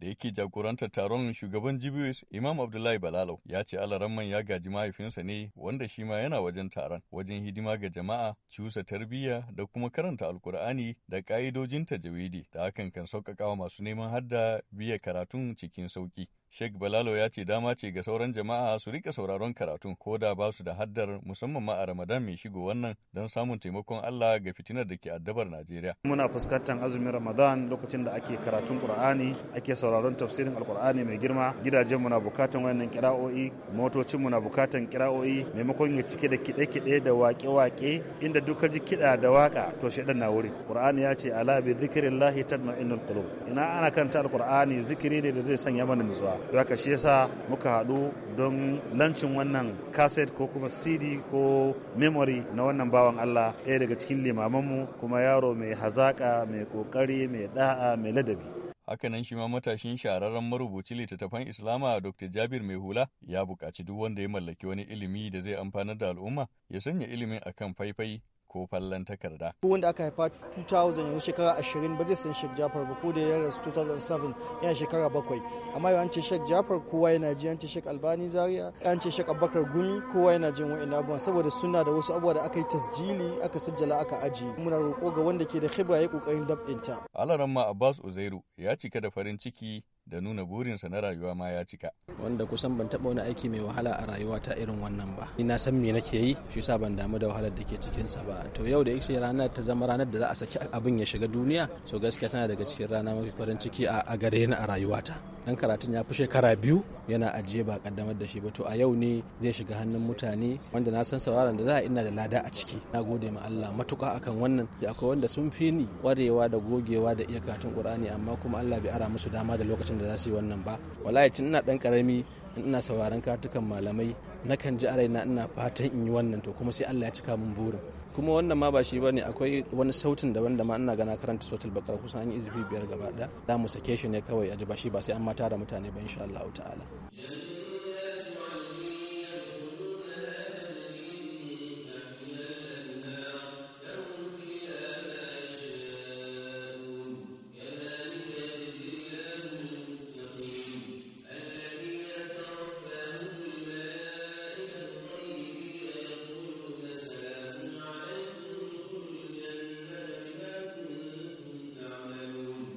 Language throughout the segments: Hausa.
da yake jagorantar taron shugaban GBS Imam Abdullahi Balalau ya ce alaramman ya gaji mahaifinsa ne wanda shi ma yana wajen taron wajen hidima ga jama'a cusa tarbiyya da kuma karanta alkur'ani da ka'idojin tajawidi da hakan kan sauƙaƙa masu neman hadda biya karatun cikin sauƙi. Sheikh Balalo ya ce dama ce ga sauran jama'a su rika sauraron karatun ko da ba su da haddar musamman ma a Ramadan mai shigo wannan don samun taimakon Allah ga fitinar da ke addabar Najeriya. Muna fuskantar azumin Ramadan lokacin da ake karatun Qur'ani, ake sauraron tafsirin Alqur'ani mai girma, gidajen na bukatan wayannan kira'o'i, motocin na bukatan kira'o'i, maimakon ya cike da kide-kide da waƙe-waƙe inda duka ji kiɗa da waka to shedan na wuri. Qur'ani ya ce ala bi lahi tatma'innul qulub. Ina ana kanta Alqur'ani zikiri ne da zai sanya mana nutsuwa. raka shi yasa muka haɗu don lancin wannan kaset ko kuma cd ko memory na wannan bawan allah ɗaya daga cikin limamanmu kuma yaro mai hazaƙa mai ƙoƙari mai ɗa'a mai ladabi hakanan shi ma matashin shahararren marubuci littattafan islama dr jabir mai hula ya buƙaci duk wanda ya mallaki wani ilimi da zai amfanar da al'umma ya sanya ilimin akan faifai ko fallon takarda. wanda aka haifa 2000 yanzu shekara 20 ba zai san Sheikh Jafar ba ko da ya rasu 2007 yana shekara bakwai amma yau an ce Sheikh Jafar kowa yana ji an ce Sheikh Albani Zaria an ce Sheikh Abubakar Gumi kowa yana jin wa'in saboda suna da wasu abubuwa da aka yi tasjili aka sajjala aka ajiye muna roƙo ga wanda ke da khibra ya kokarin dab'inta. Alaramma Abbas Uzairu ya cika da farin ciki da nuna burinsa na rayuwa ma ya cika. Wanda kusan ban taɓa wani aiki mai wahala a rayuwa ta irin wannan ba. Ni na san me nake yi, shi yasa ban damu da wahalar da ke cikinsa ba. To yau da yake rana ta zama ranar da za a saki abin ya shiga duniya, so gaskiya tana daga cikin rana mafi farin ciki a gare ni a rayuwata. dan karatun ya fi shekara biyu yana ajiye ba kaddamar da shi ba to a yau ne zai shiga hannun mutane wanda na san sauraron da za a ina da lada a ciki na gode ma Allah matuka akan wannan akwai wanda sun fi ni kwarewa da gogewa da iya karatun Qur'ani amma kuma Allah bai ara musu dama da lokacin da za su yi wannan ba wallahi tun ina dan karami ina sauraron katukan malamai nakan ji a raina ina fatan in yi wannan to kuma sai Allah ya cika min burin kuma wannan ma ba shi ba ne akwai wani sautin daban da ma ina gana karanta sautin bakar kusan an yi izini biyar gaba ɗaya za mu sake shi ne kawai a ji ba shi ba sai an mata da mutane ba insha Allah ta'ala.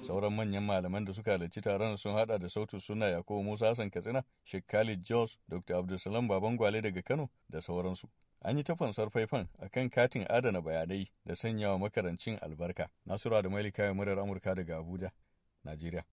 Sauran manyan malaman da suka halarci taron sun hada da sautu suna Yakubu Musa Hassan Katsina, Sheikh Khalid Jos, Dr. Abdulsalam gwale daga Kano da sauransu. An yi ta fansar faifan a kan katin adana bayanai da sanyawa makarancin albarka. Nasiru da Mailika murar Amurka daga Abuja, Najeriya.